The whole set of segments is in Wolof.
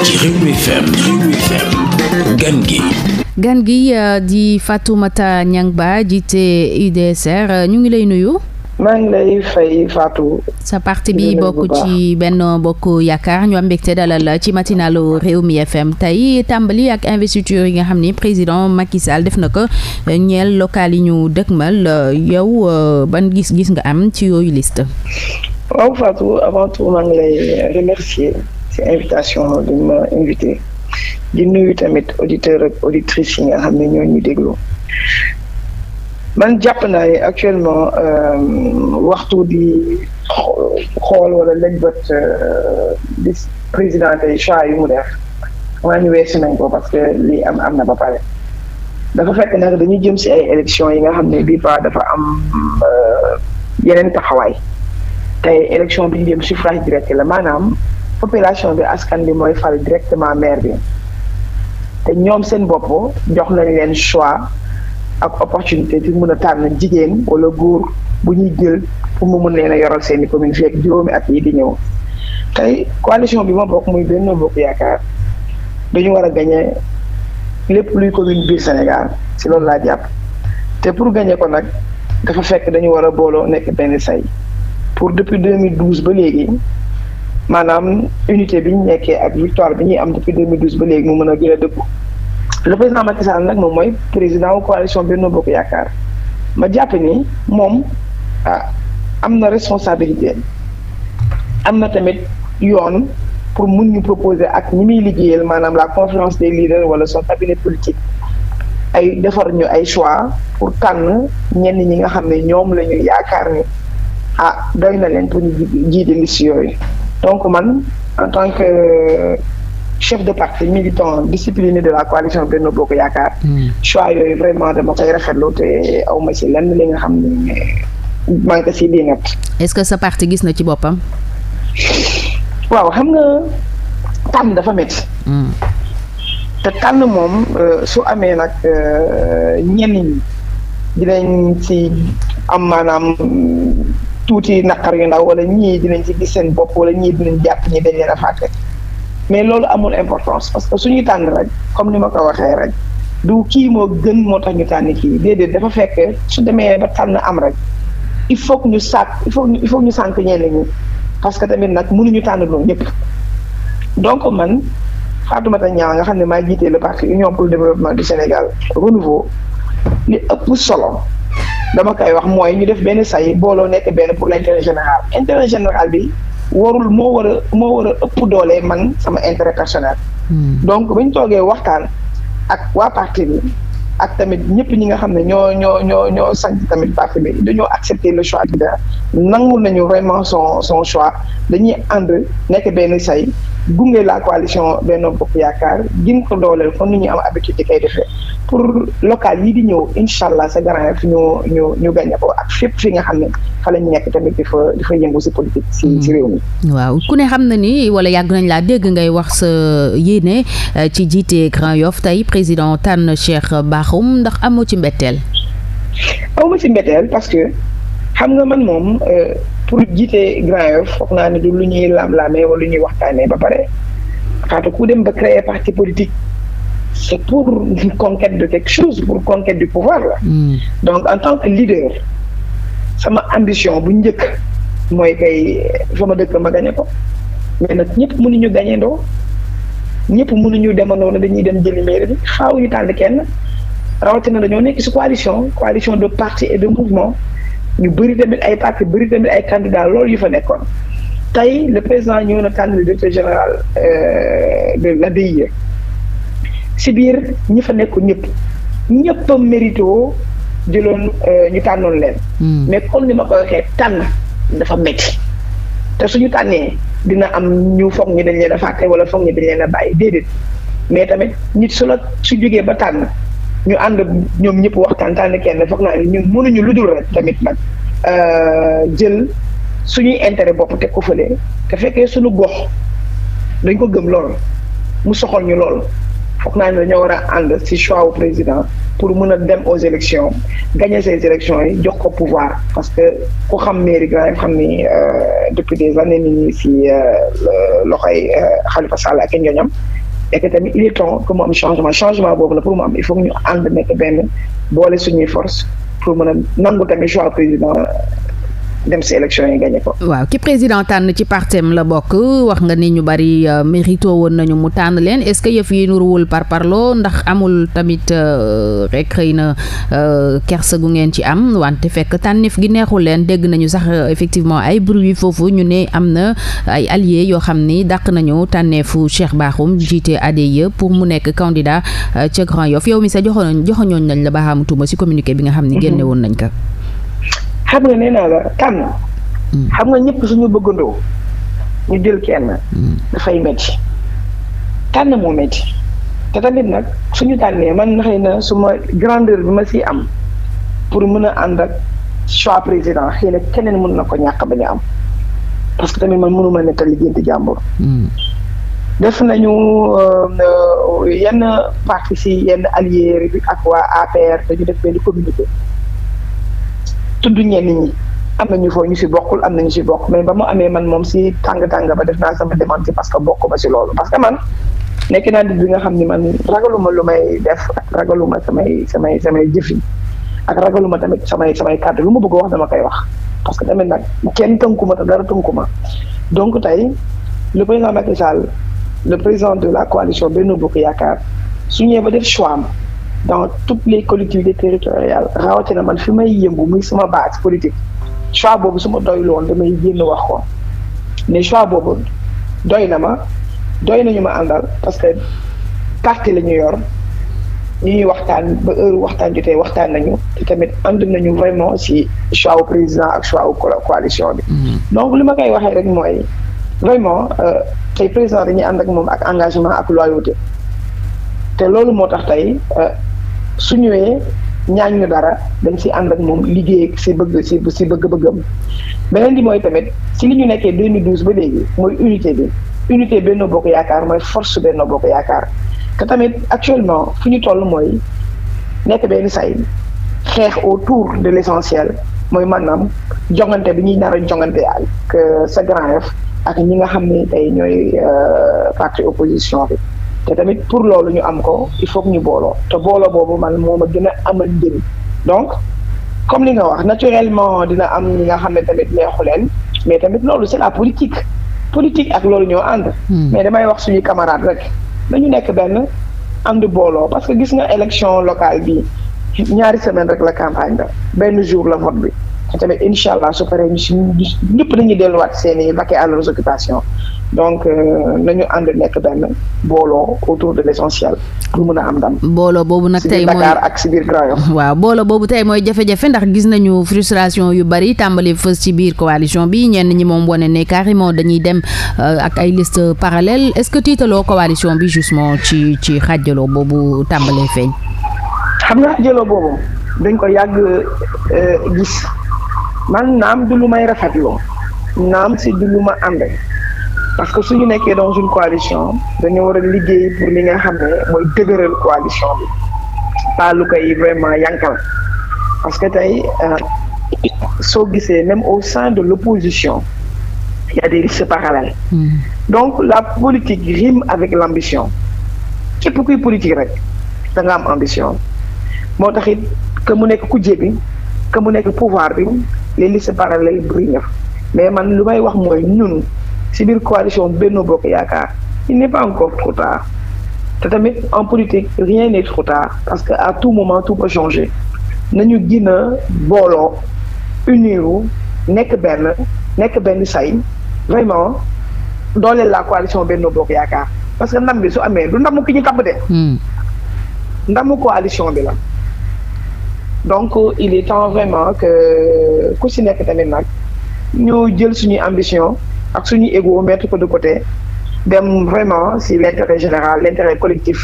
ci Rewmi FM Rewmi gan gi gan gi euh, di Fatoumata Niang Ba jiite UDSR euh, ñu ngi lay nuyu maa ngi lay fay Fatou. sa parti bi bokk ci Benno Bokk Yaakaar ñu am mbégte dalal ci matinalu Rewmi FM tey tàmbali ak investiture yi nga xam ni président Macky Sall def na ko euh, ñeel local yi ñu dëkkmal yow ban gis-gis nga am ci yooyu liste. si invitation bi ma invité di nuyu tamit auditeur ak auditrices yi nga xam ne ñoo ñu déglu man jàpp naa ne actuellement euh, waxtu di xool wala lañ bët di euh, président tey choix yu mu def maa ñu weesu nañ ko parce que lii am am na ba pare dafa fekk nag dañu jëm si ay élections yi nga xam ne bii fa dafa am euh, yeneen taxawaay te élection bi ñu jëm suffrage direct la maanaam population bi askan bi mooy fal directement maire bi te ñoom seen bopp jox nañ leen choix ak opportunité bi mën a tànn jigéen wala góor bu ñuy jël pour mu mën leen a yoral seeni commune fii ak juróomi at yi di ñëw tey coalition bi ma bokk muy benn Bokk Yaakaar dañu war a gañee lépp luy commune biir Sénégal si loolu laa jàpp te pour gañee ko nag dafa fekk dañu war a booloo nekk benn say pour depuis douze ba léegi maanaam unité bi ñu nekkee ak victoire bi ñuy am depuis 2012 ba léegi mu mën a gën a dëggu le président Macky Sall nag moom mooy président wu benn Benno Bokk Yaakaar ma jàpp ni moom ah am na responsabilité am na tamit yoon pour mun ñu proposer ak ñi muy liggéeyal maanaam la conférence des leaders wala son cabinet politique ay defar ñu ay choix pour tànn ñenn ñi nga xam ne ñoom la yaakaar ni ah doy na leen pour ñu jiite liste yooyu donc man en tant que euh, chef de parti militant discipliné de la coalition Benno Bokk Yaakaar. Hmm. choix yooyu vraiment dama koy rafetlu te aw ma ci lenn li nga xam ne maa ngi ko siy est-ce que sa parti gis na ci boppam. waaw xam nga tànn dafa métti. Hmm. te tànn moom euh, su amee nag euh, ñenn ñi ci am maanaam tuuti naqar yu ndaw wala ñii dinañ ci gis seen bopp wala ñii dinañ jàpp ñi dañ leen a fàtte mais loolu amul importance parce que suñu tànn rek comme ni ma ko waxee rek du kii moo gën moo tax ñu tànn kii déedéet dafa fekk su demee ba tànn am rek il faut ñu sàkk il faut il ñu sànk ñenn ñi parce que tamit nag mënuñu tànn loolu ñëpp donc man Fatoumata Niang nga xam ne maa jiitee le parti Union pour le développement du Sénégal renouveau li ëpp solo dama koy wax mooy ñu def benn say booloo nekk benn pour l' intérêt général intérêt général bi warul moo war a moo war a ëpp doole man sama intérêt personnel. Hmm. donc ñu toogee waxtaan ak waa parti bi. ak tamit ñëpp ñi nga xam ne ñoo ñoo ñoo ñoo sant tamit parti bi dañoo accepter le choix leader nañu vraiment son son choix dañuy ànd benn say gunge la coalition Benno Bokk Yaakaar gin ko dooleel kon ni ñuy am habitude pour local yi di ñëw incha allah sa grand fi ñu ñu ñu ko ak fépp fi nga xam ne fa la ñu nekk tamit di fa di fa yëngu si politique mm. waaw ku xam na ni wala yàgg nañ laa dégg ngay wax sa euh, yéene euh, ci jiite Grand Yoff tey président tànn Cheikh baax naxum ndax amoo ci mbetteel. awma ci mbetteel parce que xam nga man moom euh, pour jiite Grand Yoff foog naa ne du lu ñuy laam-laamee wala lu ñuy waxtaanee ba pare xaatu ku dem ba créer parti politique c'est pour une conquête pour conquête du pouvoir la. Hmm. donc en tant que leader sama ambition bu njëkk mooy kay sama dëkk ma gañe ko mais nag ñëpp mënuñu gañeendoo ñëpp mënuñu demandoo ne dañuy dem jëli mairie bi xaawuñu tànn kenn. rawatina dañoo nekk ci coalition coalition de parti et de mouvement ñu bëri tamit ay parti bëri tamit ay candidats loolu yu fa nekkoon tey le président ñëw na tànn le directeur général euh, de la BIE ci biir ñi fa nekkoon ñëpp ñëpp a mérité jëloon euh, ñu tànnoon leen. Hmm. mais comme ni ma ko waxee tànn dafa métti te suñu tànnee dina am ñu foog ñi dañ leen a fàtte wala foog ñi dañ leen a bàyyi déedéet mais tamit nit su su jógee ba tànn. ñu ànd ñoom ñëpp waxtaan tànn kenn foog naa ni ñun mënuñu lu dul rek tamit nag euh, jël suñuy intérêt bopp teg ko fële te fekkee suñu gox dañ ko gëm lool mu soxal ñu lool foog naa ne dañoo war a ànd ci choix wu président pour mën a dem aux élections gagner ces élections yi jox ko pouvoir parce que ku xam mairie Grand xam ni euh, depuis des années ni ñi ci loxoy euh, Khalifa Sall ak ñooñam et que tamit il est temps que mu am changement changement boobu la pour mu am il faut que ñu ànd nekk boole suñuy force pour mën a nangu tamit choix président dem si élection yi gagné ko. waaw ki président tànn ci partem la bokk wax nga ni ñu bari euh, mérito woon nañu mu tànn leen est-ce que yëf yi nuruwul par parlo ndax amul tamit euh, rek xëy na euh, kersa gu ngeen ci am wante fekk tànnif gi neexul leen dégg nañu sax effectivement ay bruit foofu ñu ne am na ay alliés yoo xam ni dàq nañu tànneefu Cheikh Bakhoum jiite ADIE pour mu nekk candidat ca Grand Yoff yow mi sa joxo joxoñooñ nañ la baaxaamutuma si communiqué bi nga ni mhm. génne woon nañ ko. xam nga nee la tànn. Hmm. xam nga ñëpp suñu bëggandoo ñu jël kenn. Hmm. dafay métti tànn moo métti te tamit nag suñu tànnee man xëy na suma grandeur bi ma si am pour mën a ànd ak choix président xëy na keneen mën na ko ñàkk ba ñu am parce que tamit man mënuma nettali gént jàmbur. Hmm. def nañu euh, yenn parti si yenn bi ak waa APR dañu def benn communiqué. tudd ñenn ñi am na ñu foo ñu si bokkul am na ñu si bokk mais ba mu amee man moom si tàng tàng ba def naa sama démenti parce que bokk ma si loolu parce que man nekk naa nit bi nga xam ni man ragaluma lu may def ak ragaluma samay samay samay jëf yi ak ragaluma tamit samay samay kàddu lu ma bëgg wax dama koy wax parce que tamit nag kenn tënkuma te dara tënkuma donc tey le président Macky Sall le président de la coalition Benno Bokk Yaakaar su ñëwee ba def choix am dans toutes les collectivités territoriales rawatina man fi may yëngu muy sama base politique choix boobu suma ma doyul woon damay génn wax ko mais choix boobu doy na ma doy nañu ma àndal parce que parti la ñu yor ñu ñuy waxtaan ba heure waxtaan jotee waxtaan nañu te tamit ànd nañu vraiment si choix wu président ak choix wu coalition bi. Mm-hmm. donc li ma koy waxee rek mooy vraiment euh, tey président dañuy ànd ak moom ak engagement ak loyauté te loolu moo tax tey. Euh, su ñëwee ñaan ñu dara dañ si ànd ak moom liggéey si bëgg si si bëgg-bëggam beneen bi mooy tamit si li ñu nekkee 2012 ba léegi mooy unité bi unité Benno Bokk Yaakaar mooy force Benno Bokk Yaakaar te tamit actuellement fu ñu toll mooy nekk benn say xeex autour de l'essentiel mooy maanaam jongante bi ñuy nar a jongante ak euh, sa Grand Yoff ak ñi nga xam ne tey ñooy euh, parti opposition bi te tamit pour loolu ñu am ko il faut que ñu booloo te booloo boobu man moo ma gën a amal njëriñ donc comme li nga wax naturellement dina am ñi nga xam ne tamit neexu leen mais tamit loolu c'est la politique politique ak loolu ñoo ànd. Hmm. mais damay wax suñu camarade rek nañu nekk benn ànd booloo parce que gis nga élection locale bi ñaari semaine rek la campagne ba benn jour la vote bi te tamit incha allah su paree ñu si ñëpp dañuy delluwaat seen i vaquer à leurs donc euh, nañu ànd nekk benn booloo autour de l'essentiel pour mën a am ndam. booloo boobu nag tey mooy Dakar ak si biir Grand waaw booloo boobu tey mooy jafe-jafe ndax gis nañu frustration yu bari tàmbali fës ci biir coalition bi ñenn ñi moom wane ne carrément dañuy dem euh, ak ay liste parallèle est-ce que tiitaloo coalition bi justement ci ci xàjjaloo boobu tàmbalee feeñ. xam nga xàjjaloo boobu dañ ko yàgg euh, gis man naam du lu may rafetloo naam si du lu ma parce que suñu nekkee dans une coalition dañoo war a liggéey pour li nga xam ne mooy dëgëral coalition bi pas lu koy vraiment yankal parce que tey euh, soo gisee même au sein de l'opposition il y a des risques parallèles mmh. donc la politique rime avec l'ambition képp kuy politique rek da nga am ambition moo tax it mu nekk kujje bi que mu nekk pouvoir bi les listes parallèles bëri na mais man lu may wax mooy ñun si biir coalition Benno Bokk Yaakaar il n'est pas encore trop tard te tamit en politique rien n'est trop tard parce que à tout moment tout peut changer nañu gën a booloo uniru nekk benn nekk benn say vraiment dooleel la coalition Benno Bokk Yaakaar parce que ndam bi su amee du ndamu ki ñu tabb de hmm. ndamu coalition bi la donc il est temps vraiment que ku si nekk tamit nag ñu jël suñuy ambition ak suñu égo mettre ko de côté dem vraiment si l' général l' intérêt collectif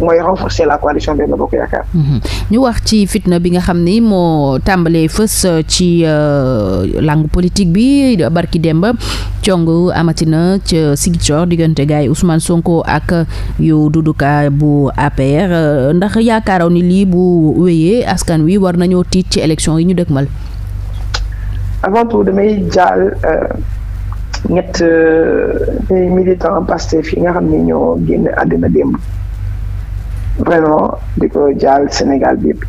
mooy renforcer la coalition Benno Bokk Yaakaar. Mhm. ñu wax ci fitna bi nga xam ni moo tàmbalee fës euh, ci euh, langue politique bi barki Demba cong amatina ca Ziguinchor diggante gaay Ousmane Sonko ak yu duduka bu APR euh, ndax yaakaaroon ni lii bu wéyee askan wi war nañoo tiit ci élection yi ñu dëkkmal. avant tout damay jaal. ñett euh, militant Pastef yi nga xam ni ñoo génn àddina démb vraiment di ko jaal Sénégal bi yëpp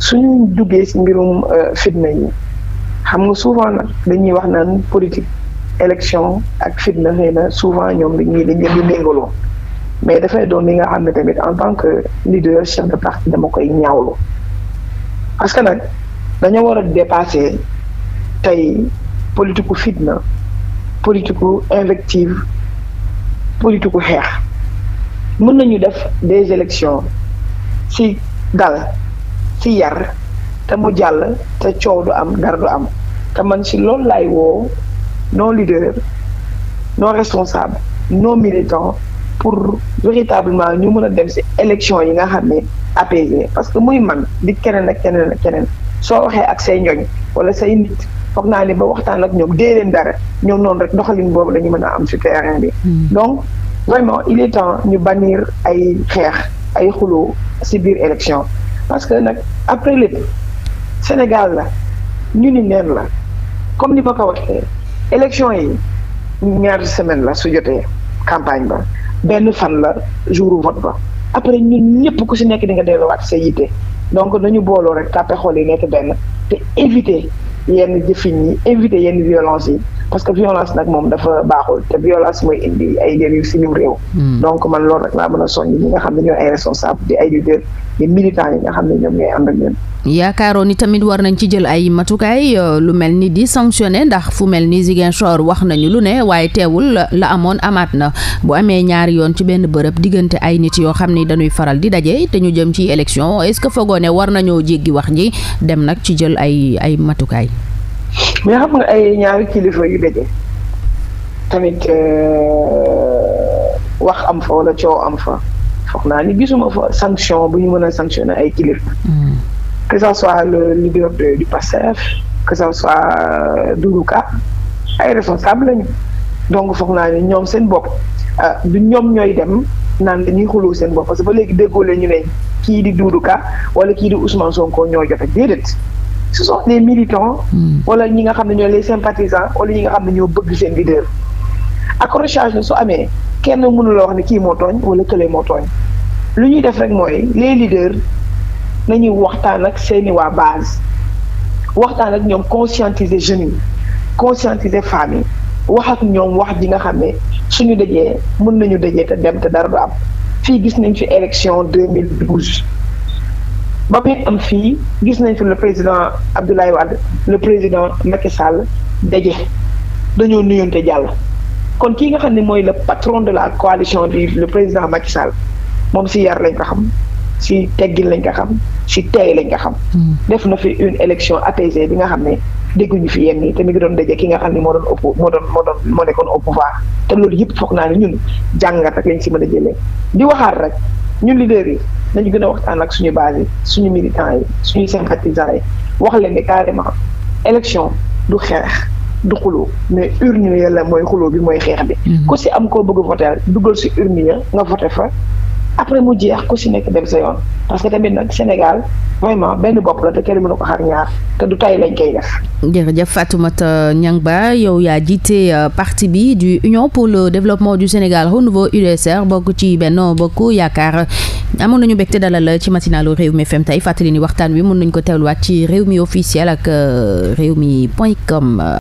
suñu duggee ci mbirum euh, fitna yi xam nga souvent nag dañuy wax naan politique élection ak fitna xëy na souvent ñoom dañuy dañ leen di méngaloo mais dafay doon li nga xam ne tamit en tant que leader chef de parti dama koy ñaawlu parce que nag dañoo war a dépasser tey politiku fitna politiku invective politiku xeex mën nañu def des élections ci dal ci yar te mu jàll te coow du am dara du am te man ci loolu laay woo nos leaders nos responsables nos militants pour véritablement ñu mën a dem ci élection yi nga xam ne apaisé parce que muy man di keneen ak keneen ak keneen soo waxee ak say ñoñ walla say nit foog naa ni ba waxtaan ak ñoom dee dara ñoom noonu rek doxalin boobu la ñu mën a am ci terrain bi. Hmm. donc vraiment il est temps ñu bannir ay xeex ay xuloo ci biir élection parce que nag après lépp Sénégal la ñu ni neen la comme ni ma ko waxee élection yi ñaari semaine la su jotee campagne ba benn fan la jour vote ba après ñun ñëpp ku ci nekk di nga delluwaat sa yitte donc nañu booloo rek tàppe xool yi nekk benn te éviter. yenn jëfin yi éviter yenn violence yi parce que violence nag moom dafa baaxul te violence mooy indi ay dérive si ñu réew. Hmm. donc man loolu rek laa mën a soññ ñi nga xam ne ñooy ay responsable di ay leader yi nga xam ne ñoom yaakaaroon ni tamit war nañ ci jël ay matukaay euh, lu mel ni di sanctionné ndax fu mel ni Ziguinchor wax nañu lu ne waaye teewul la amoon amaat na bu amee ñaari yoon ci benn bërëb diggante ay nit yoo xam ni dañuy faral di daje te ñu jëm ci élection est que fogoone war nañoo jéggi wax ji dem nag ci jël ay ay matukaay. mais xam nga ay ñaari kilifa yu daje tamit euh, wax am fa wala coow am fa foog naa ni gisuma fa sanction bu ñu mën a na ay kilifa. Hmm. que ça soit le leader du PASTEF que ça soit euh, Doudou Ka ay responsable lañu donc foog naa ni ñoom seen bopp euh, du ñoom ñooy dem naan dañuy xuloo seen bopp parce que ba léegi déggoo la ñu ne kii di Doudou Ka wala kii di Ousmane Sonko ñoo jot a déedéet. su sont des militants. Hmm. wala ñi nga xam ne ñoo les sympathisants wala ñi nga xam ne ñoo bëgg seen leader. accrochage na su amee kenn mënula wax ne kii moo tooñ wala kële moo lu ñuy def rek mooy les leaders nañuy waxtaan ak seeni waa base waxtaan ak ñoom conscientiser jeunes yi conscientiser femmes yi wax ak ñoom wax ji nga xam ne suñu dajee mën nañu dajee te dem te dara du am fii gis nañ fi élection 2012 ba muy am fii gis nañ fi le président Abdoulaye Wade le président Macky Sall daje dañoo nuyonte jàll kon kii nga xam ne mooy le patron de la coalition du le président Macky Sall moom si yar lañ ko xam si teggin lañ ko xam si teey lañ ko xam. Hmm. def na fi une élection apaisée bi nga xam ne dégguñu fi yenn yi tamit mi doon daje ki nga xam ne moo doon ëpp moo doon moo doon moo nekkoon au pouvoir te loolu yëpp foog naa ne ñun jàngat rek lañ si mën a jëlee di waxaat rek. ñun leader yi nañu gën a waxtaan ak suñu base yi suñu militants yi suñu sympathisants yi wax leen ne carrément élection du xeex du xuloo mais urne ya la mooy xuloo bi mooy xeex bi. Mm-hmm. ku si am koo bëgg voter duggal si urne ya nga voté fa. après mu jeex ku si nekk dem sa yoon parce que tamit nag Sénégal vraiment benn bopp la te kenn mënu ko xar ñaar te du tay lañ koy def. jërëjëf Fatoumata Niang Ba yow yaa jiite euh, parti bi du Union pour le développement du Sénégal Renouveau UDSR bokk ci benn Bokk Yaakaar amoon nañu mbégte dalal ci matinalu mi FM tey fàttali ni waxtaan wi mun nañu ko teewluwaat ci réew Rewmi officiel ak euh, Rewmi point com.